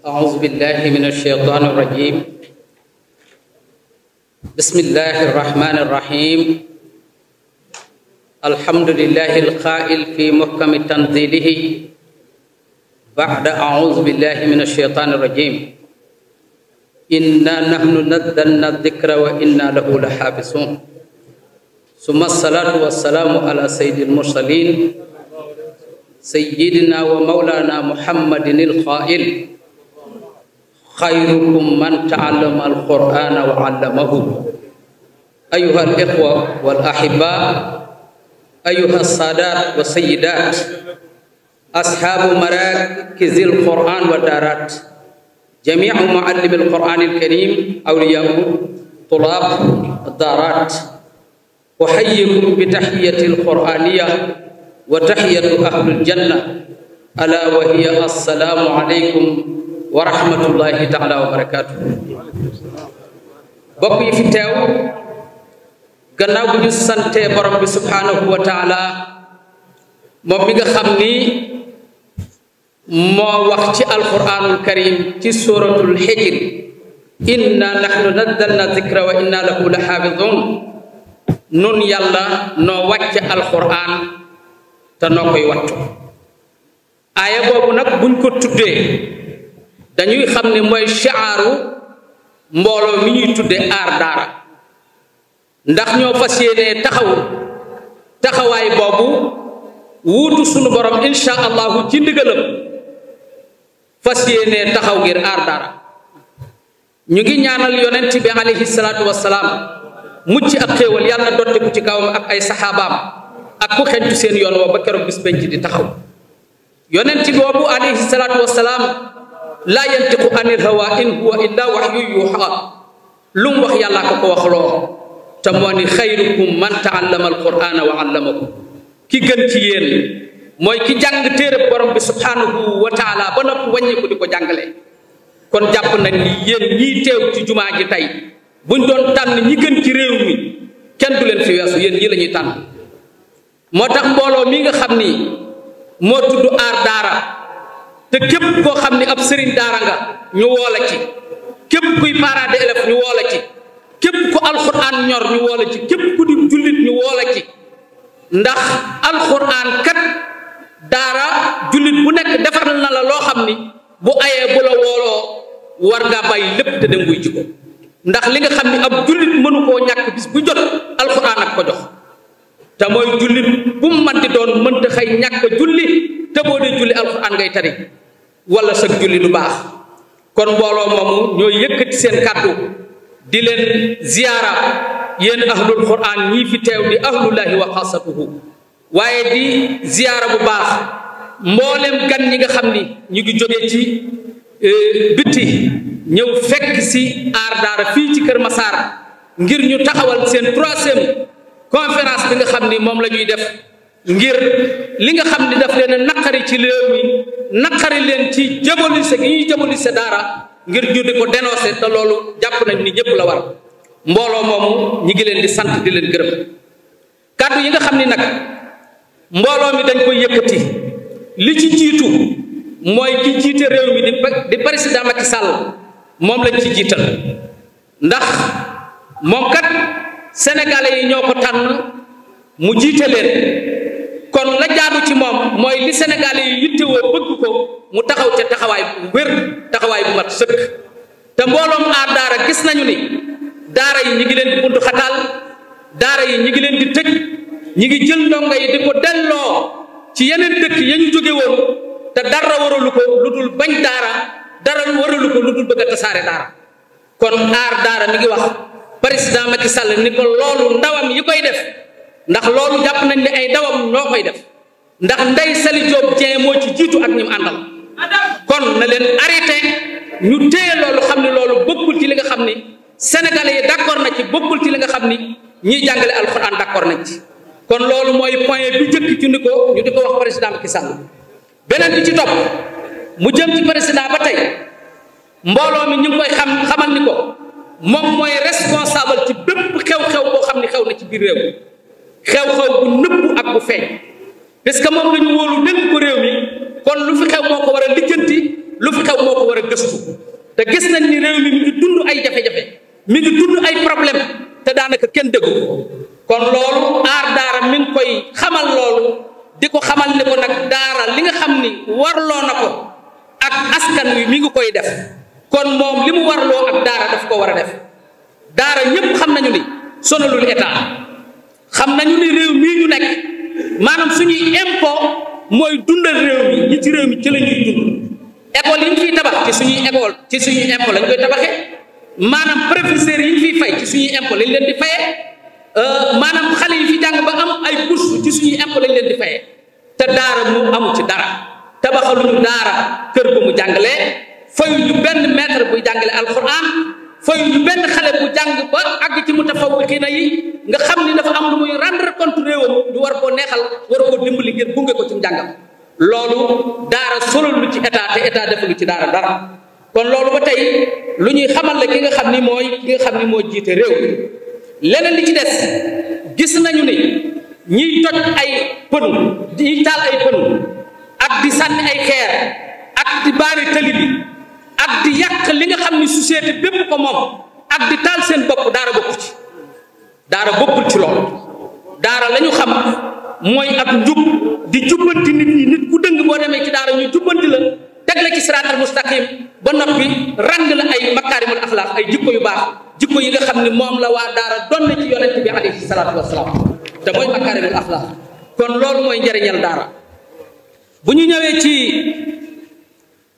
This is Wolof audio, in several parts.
أعوذ بالله من الشيطان الرجيم بسم الله الرحمن الرحيم الحمد لله القائل في محكم تنزيله بعد أعوذ بالله من الشيطان الرجيم إنا نحن نزلنا الذكر وإنا له لحافظون ثم الصلاة والسلام على سيد المرسلين سيدنا ومولانا محمد القائل خيركم من تعلم القرآن وعلمه أيها الإخوة والأحباء أيها السادات والسيدات أصحاب مراكز القرآن والدارات جميع معلم القرآن الكريم أولياء طلاب الدارات أحييكم بتحية القرآنية وتحية أهل الجنة ألا وهي السلام عليكم wa rahmatullahi taala wa barakaatu bokk yi fi teew gannaaw bu ñu santee borom bi subhaanahu wa taala moom mi nga xam ni moo wax ci alquranul ci suratul xijr inna nahnu nazzalna zikra wa inna lahu la xaafidun nun yàlla noo wàcc alquran te koy wattu aaya boobu nag buñ ko tuddee dañuy xam ne mooy shaaru mbooloo mi ñuy tudde aar daara ndax ñoo fas yéenee taxaw taxawaay boobu wuutu suñu borom insha allahu ci ndigalam fas yéenee taxaw ngir aar daara ñu ngi ñaanal yonent bi alayhi salaatu wasalaam mucc ak xéewal yàlla dotte ku ci kawam ak ay saxaabaam ak ku xentu seen yoon wa ba keroog bis penc di taxaw yonent boobu alayhi salaatu wasalaam laa yantiqu anil hawa in huwa illa waxyu yuuxa lu mu wax yàllaa ko ko wax loo te moo ni xayrukum man taallama alqurana wa allamahu ki gën ci yéen mooy ki jàng téere borom bi subhanahu wa taala ba noppi wàññiku di ko jàngale kon jàpp nañ ni yéen ñii teew ci jumaa ji tey buñ doon tànn ñi gën ci réew mi kenn du leen fi weesu yéen ñi la ñuy tànn moo tax mbooloo mi nga xam ni moo tudd aar daara te képp koo xam ni ab sëriñ daara nga ñu woo la ci képp kuy parent d'élève ñu woo ci képp ku alxuraan ñor ci képp ku di jullit ñu woola ci ndax alxuraan kat daara jullit bu nekk defar na la loo xam ni bu ayee bu la wooloo war ngaa bàyyi lépp te dem buy jikko ndax li nga xam ni ab jullit mënu koo ñàkk bis bu jot alxuraan ak ko jox te mooy jullit bu mu mën di doon mënta ñàkk julli te boo dee julli alxuraan ngay tari wala sa julli du baax kon mbooloo moomu ñoo yëkkati seen kàddu di leen ziyaara yéen ahlul quran ñii fi teew di ahlullahi wa xaasatuhu waaye di ziyaara bu baax mboolem gan ñi nga xam ni ñu ngi jógee ci euh, bitti ñëw fekk si aar fii ci Kër Massar ngir ñu taxawal seen troisième conférence bi nga xam ni moom la ñuy def ngir li nga xam ne daf leen naqari ci réew mi naqari leen ci jabolise gi ñuy jabolise daara ngir ñu di ko dénoncé te loolu jàpp nañ ni ñëpp la war mbooloo moomu ñi ngi leen di sant di leen gërëm kàddu yi nga xam ni nag mbooloo mi dañ koy yëkkati li ci jiitu mooy ki jiite réew mi di di président Macky Sall moom lañ ci jiital ndax moom kat sénégalais yi ñoo ko tànn mu jiite leen kon la jaadu ci moom mooy li Sénégalais yi yittewoo bëgg ko mu taxaw ca taxawaay bu wér taxawaay bu mat sëkk te mbooloom aar daara gis nañu ni daara yi ñi ngi leen di buntu xataal daara yi ñi ngi leen di tëj ñi ngi jël ndongo yi di ko delloo ci yeneen dëkk ya ñu jóge woon te dara waralu ko lu dul bañ daara dara waralu ko lu dul bëgg tasaare daara kon aar daara mi ngi wax président ci Sall ni ko loolu ndawam yi koy def ndax loolu jàpp nañ ne ay dawam ñoo koy def ndax ndey Saly Diop Dieng moo ci jiitu ak ñi mu àndal kon na leen arrêté ñu téye loolu xam ne loolu bokkul ci li nga xam ni sénégalais yi d'accord na ci bokkul ci li nga xam ni ñiy jàngale alxuraan d'accord nañ ci kon loolu mooy point bi jëkk ci ni di ko wax président Macky Sall beneen bi ci topp mu jëm ci président ba tey mbooloo mi ñu ngi koy xam xamal ni ko moom mooy responsable ci bépp xew-xew boo xam ni xew na ci biir réew xew-xew bu nëbbu ak bu feeñ parce que moom la ñu wóolu dénk réew mi kon lu fi moo ko war a lijjanti lu fi xew moo ko war te gis nañ ni réew mi ay jafe mi ngi dund ay problème te daanaka kenn déggu kon loolu daara mi ngi koy xamal loolu di ko xamal ne ko nag li nga xam ni warloo na ko ak askan wi mi ngi koy def kon moom li mu warloo ak daara daf ko war a def daara ñëpp xam nañu ni sonalul état. xam nañu ni réew mii ñu nekk maanaam suñuy impôt mooy dundal réew mi ñi ci réew mi ci la ñuy dund école yi ñu fiy tabax ci suñuy école ci suñuy impôt lañ koy tabaxee maanaam professeurs yi ñu fiy fay ci suñuy impôt lañ leen di fayee euh, maanaam xale yi fi jàng ba am ay bourse ci suñuy impôt lañ leen di fayee te daara mu amu ci dara tabaxaluñu daara kër gu mu jàngalee fayuñu benn maître buy jàngale alquran fayuñu benn xale bu jàng ba àgg ci mu tafawwiqiina yi nga xam ni dafa am contre réewam ñu war koo neexal war koo dimbali ngir gunge ko ci njàngam loolu daara solol lu ci état te état deful ci daara dara kon loolu ba tey lu ñuy xamal la ki nga xam ni mooy ki nga xam ni moo jiite réew leneen li ci des gis nañu ni ñiy toj ay pënu ñiy taal ay pënu ak di sànni ay xeer ak di baari tali bi ak di yàq li nga xam ni société bépp ko moom ak di taal seen bopp daara bokkul ci daara bokkul ci loolu daara la ñu xam mooy ak njub di jubbanti nit ñi nit ku dëng boo demee ci daara ñu jubbanti la teg la ci siraatal mustaqim ba noppi ràng la ay makaarimul axlaaq ay jikko yu baax jikko yi nga xam ne moom la waa daara doon na ci yonent bi alayhi salaatu wasalaam te mooy makaarimul axlaaq kon loolu mooy njëriñal daara bu ñu ñëwee ci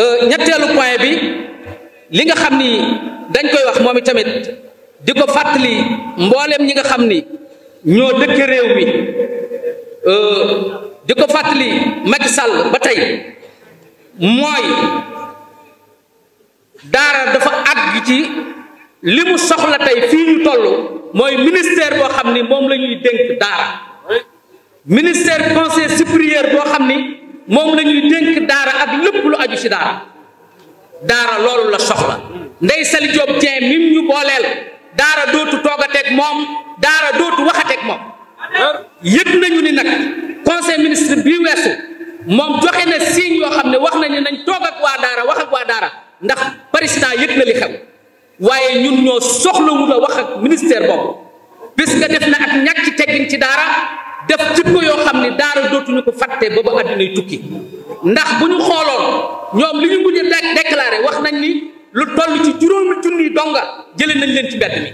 euh, ñetteelu point bi li nga xam ni dañ koy wax moom itamit di ko fàttali mbooleem ñi nga xam ni ñoo dëkk réew mi euh, di ko fàttali Macky Sall ba tey mooy daara dafa àgg ci li mu soxla tey fii ñu toll mooy ministère boo xam ni moom lañuy dënk dénk daara ministère conseil supérieur boo xam ni moom la ñuy dénk daara ak lépp lu aju ci daara daara loolu la soxla Ndeye Saly Diop Dieng mim ñu booleel daara dootu toogateeg moom daara dootu wax moom yëg nañu ni nag conseil ministre bii weesu moom joxe na signe yoo xam ne wax nañu nañ toog ak waa daara wax ak waa daara ndax président yëg na li xew waaye ñun ñoo soxlawul a wax ak ministère boobu puisque def na ak ñàkk teggin ci daara def ko yoo xam ne daara dootuñu ko fàtte ba ba àddina tukki ndax bu ñu xooloon ñoom li ñu mujj a déclaré wax nañ ni lu toll ci juróomi junni donga jëlee nañ leen ci mbedd mi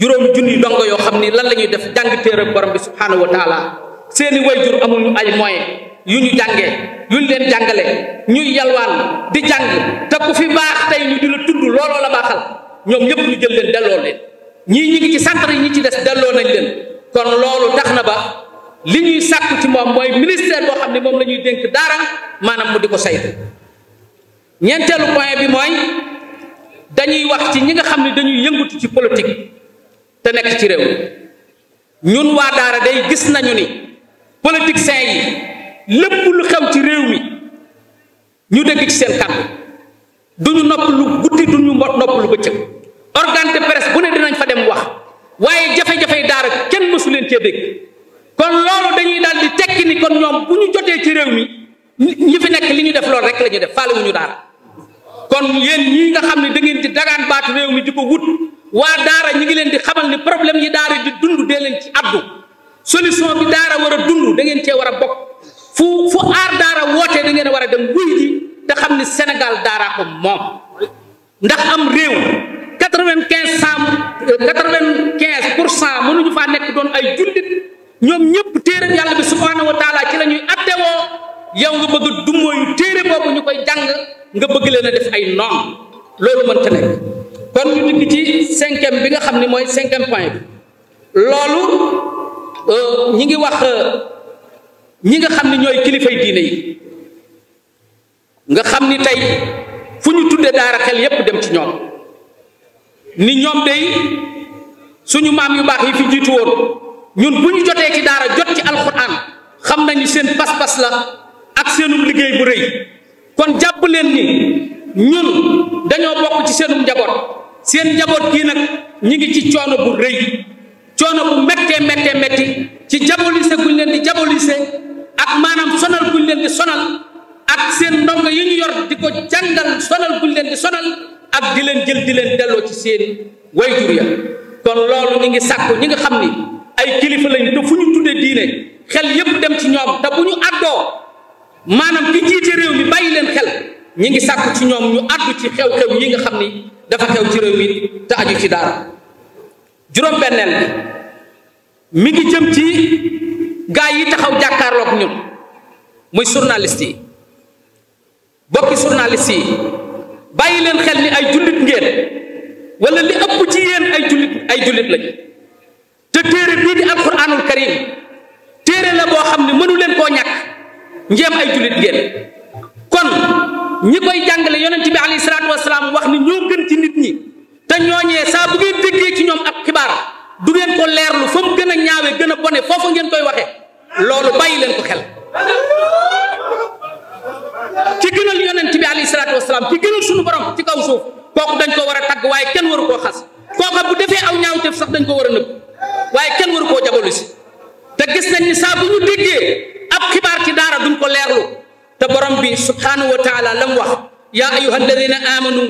juróom junni dongo yoo xam ni lan la ñuy def jàng téere borom bi subhaanahu wa taala seeni wayjur amuñu ay moyen yu ñu jàngee yuñ leen jàngale ñuy yalwaan di jàng te ku fi baax tey ñu di la tudd looloo la baaxal ñoom ñëpp ñu jël leen delloo leen ñii ñi ngi ci centre yi ñi ci des delloo nañ leen kon loolu tax na ba li ñuy sàkku ci moom mooy ministère boo xam ne moom la ñuy dénk daara maanaam mu di ko saytu ñeenteelu point bi mooy dañuy wax ci ñi nga xam ne dañuy yëngatu ci politique te nekk ci réew ñun waa daara day gis nañu ni politiciens yi lépp lu xew ci réew mi ñu dégg ci seen kàddu duñu nopp lu guddi du ñu duñu nopp lu bëccëg organe de presse bu ne dinañ fa dem wax waaye jafe-jafe daara kenn mësu leen cee dégg kon loolu dañuy daal di tekki ni kon ñoom bu ñu jotee ci réew mi ñi fi nekk li ñu def loolu rek la ñuy def faale wuñu daara kon yéen ñii nga xam ne da ngeen di dagaan baatu réew mi di ko wut waa daara ñi ngi leen di xamal ni problème yi daara di dund dee leen ci addu solution bi daara war a dund da ngeen cee war a bokk fu fu aar daara wootee da ngeen war a dem wuy ji te xam ni Sénégal daaraa ko moom ndax am réew quatre-vingt-quinze cent euh, quatre-vingt-quinze pour cent mënuñu faa nekk doon ay jullit ñoom ñëpp téere yàlla bi subhaanahu wa taala ci la ñuy attewoo yow nga bëgg a dummóoyu téere boobu ñu koy jàng nga bëgg leen a def ay noon loolu mënta nekk kon ñu dikk ci cinquième bi nga xam ni mooy cinquième point bi loolu euh, ñi ngi wax euh, ñi nga xam ni ñooy kilifay diine yi nga xam ni tey fu ñu tuddee daara xel yépp dem ci ñoom ni ñoom day suñu maam yu baax yi fi jiitu woon ñun bu ñu jotee ci daara jot ci alxuraan xam nañu seen pas-pas la ak seenum liggéey bu rëy kon jàpp leen ni ñun dañoo bokk ci seenum njaboot seen njaboot gii nag ñi ngi ci coono bu rëy coono bu méttee méttee métti ci jabolise guñ leen di jabolise ak maanaam sonal guñ leen di sonal ak seen ndongo yi ñu yor di ko jàngal sonal guñ leen di sonal ak di leen jël di leen delloo ci seen wayjur ya kon loolu ñi ngi sàkku ñi nga xam ni ay kilifa lañ te fu ñu tuddee diine xel yépp dem ci ñoom te bu ñu àddoo maanaam ki jiite réew mi bàyyi leen xel ñi ngi sàkku ci ñoom ñu àddu ci xew-xew yi nga xam ni dafa xew ci réew mi te aju ci daal juróom-benneel bi mi ngi jëm ci gaa yi taxaw jàkkaarloog ñun muy journaliste yi bokki journaliste yi bàyyi leen xel ni ay jullit ngeen wala li ëpp ci yéen ay jullit ay jullit lañ te téere bii di alquranul karim téere la boo xam ne mënu leen koo ñàkk njéem ay jullit ngeen kon ñi koy jàngale yonent bi alayhi salaatu wasalaam wax ni ñoo gën ci nit ñi te ñooñee saa bu ngeen déggee ci ñoom ak xibaar du ngeen ko leerlu fa mu gën a ñaawee gën a bone foofu ngeen koy waxe loolu bàyyi leen ko xel ci gënal yonent bi alayhi salaatu wasalaam ci gënal suñu borom ci kaw suuf kooku dañ ko war a tagg waaye kenn waru koo xas kooka bu defee aw ñaawteef sax dañ ko war a nëbb waaye kenn waru koo jabalu si te gis nañ saa bu ab xibaar ki daara duñ ko leerlu te borom bi subhaanahu wa taala lam wax yaa ayuha alladina amanu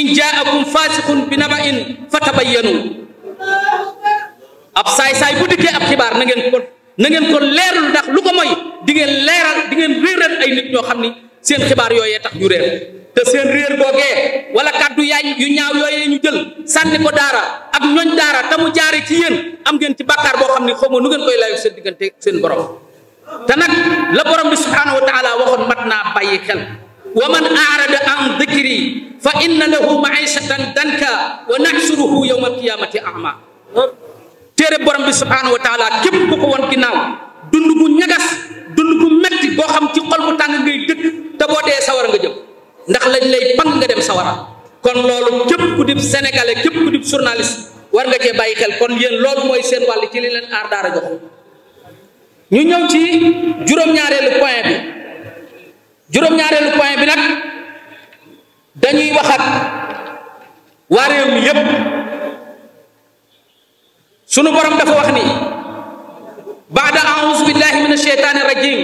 in jaakum fasiqun bi naba'in fatabayyanu ab saay-saay bu dikkee ab xibaar na ngeen ko na ngeen ko leerlu ndax lu ko mooy di ngeen leeral di ngeen réeral ay nit ñoo xam ni seen xibaar yooyee tax ñu réer te seen réer googee wala kàddu yaay yu ñaaw yooyee ñu jël sànni ko daara ak ñooñ daara te mu jaare ci yéen am ngeen ci bàkkaar boo xam ni xamoo nu ngeen koy layu seen diggante seen borom te nag la borom bi subhaanahu wa taala waxoon mat naa bàyyi xel wa man aarada an dikri fa inna lahu maishatan danka wa nahsuruhu yawma alqiyamati ama téere borom bi subhaanahu wa taala képp ku ko woon ginnaaw dund gu ñagas dund gu metti boo xam ci xol bu tàng ngay dëkk te boo dee sawara nga jëm ndax lañ lay pang nga dem sawara kon loolu képp ku dib sénégalais képp ku dib journaliste war nga cee bàyyi xel kon yéen loolu mooy seen wàll ci li leen aar ñu ñëw ci juróom-ñaareelu point bi juróom-ñaareelu point bi nag dañuy waxat waa réew mi yépp sunu borom dafa wax ni baada aouzu billahi min asheytaani rajim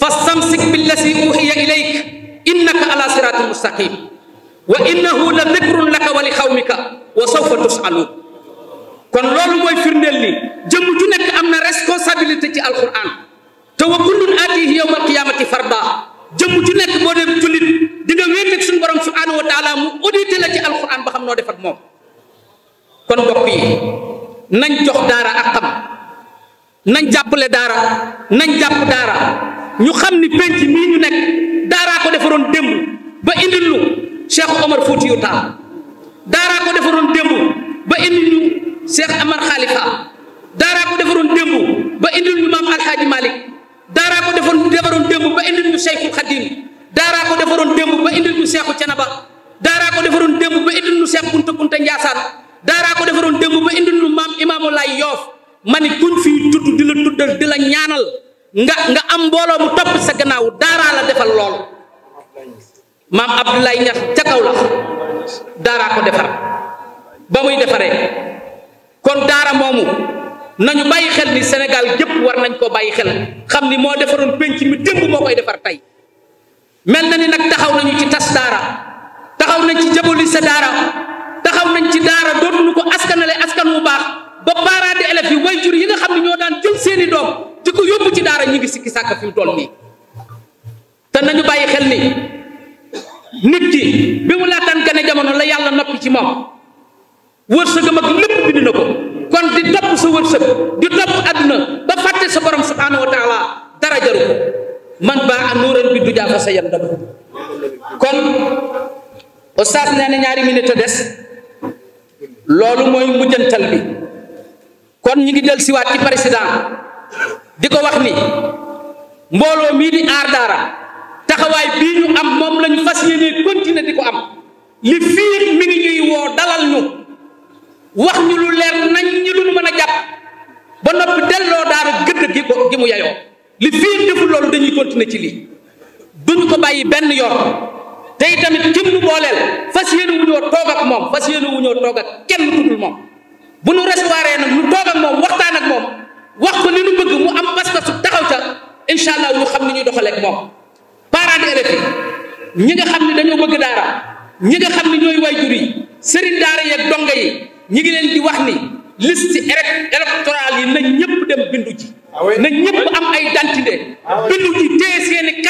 fastamsik billasi uxiya ilayk innaka ala siraatin mustaqim wa innahu la dikrun laka wa li xawmika wa sawfa tusalun kon loolu mooy firndeel ni jëmm ju nekk am na responsabilité ci alquran te wa kullun aatihi yawma alqiyamati farda jëmm ju nekk boo dem jullit di nga suñu borom subhanahu wa taala mu audité la ci alquran ba xam noo def ak moom kon mbokk nañ jox daara ak xam nañ jàppale daara nañ jàpp daara ñu xam ni penc mii ñu nekk daaraa ko defaroon démb ba indil lu Cheikh Omar Foutiyou Tall ko defaroon démb ba indil ñu Cheikh Amar Khalifa daaraa ko defaroon démb ba indil ñu maam Alhaaji Malick daaraa ko defaroon defaroon démb ba indil ñu Cheikhul Khadim daaraa ko defaroon démb ba indil ñu Cheikhu Canaba daaraa ko defaroon démb ba indil ñu maam Imaamu Yoof ma ni kuñ fii tudd di la tuddal di la ñaanal nga nga am mbooloo mu topp sa gannaaw daaraa la defal loolu maam Abdoulaye Niass ca kaw la daaraa ko defar ba muy defaree kon daara moomu nañu bàyyi xel ni Sénégal gépp war nañ koo bàyyi xel xam ni moo defaroon penc mi démb moo koy defar tey mel na ni nag taxaw nañu ci tas daara taxaw nañu ci jaboli sa daara taxaw nañ ci daara dootuñu ko askanale askan wu baax ba parents d'élèves yi way jur yi nga xam ni ñoo daan jël seeni doom di ko yóbbu ci daara ñu ngi sikki sàkk fi mu toll nii te nañu bàyyi xel ni nit ki bi mu laataan gane jamono la yàlla noppi ci moom wërsëgam ak lépp bind na ko kon di topp sa wërsëg di topp àdduna ba fàtte sa borom subhaanahu wa dara jaru man baa a nuuran bi du jaafa sa yan dama kon oustaz nee na ñaari minute a des loolu mooy mujjantal bi kon ñu ngi del siwaat ci président di ko wax ni mbooloo mii di aar daara taxawaay bii ñu am moom lañu fas yéene continuer di ko am li fii mi ngi ñuy woo dalal ñu wax ñu lu leer nañ ñi lu ñu mën a jàpp ba noppi delloo daara gëdd gi ko gi mu yayoo li fii defu loolu dañuy continuer ci lii duñu ko bàyyi benn yoon tey tamit kim nu booleel fas yéene wu ñoo toog ak moom fas yéene wu ñoo toog ak kenn ku moom bu nu restauré nag ñu toog ak moom waxtaan ak moom wax ko li nu bëgg mu am pas-pas su taxaw ca incha allah ñu xam ni ñuy doxalee ak moom parents d'élèves yi ñi nga xam ni dañoo bëgg daara ñi nga xam ne ñooy waajur yi sëriñ daara ñi ngi leen di wax ni liste électorale yi na ñëpp dem bindu ji ah na ñëpp am ay dentité ah bindu ji téye seeni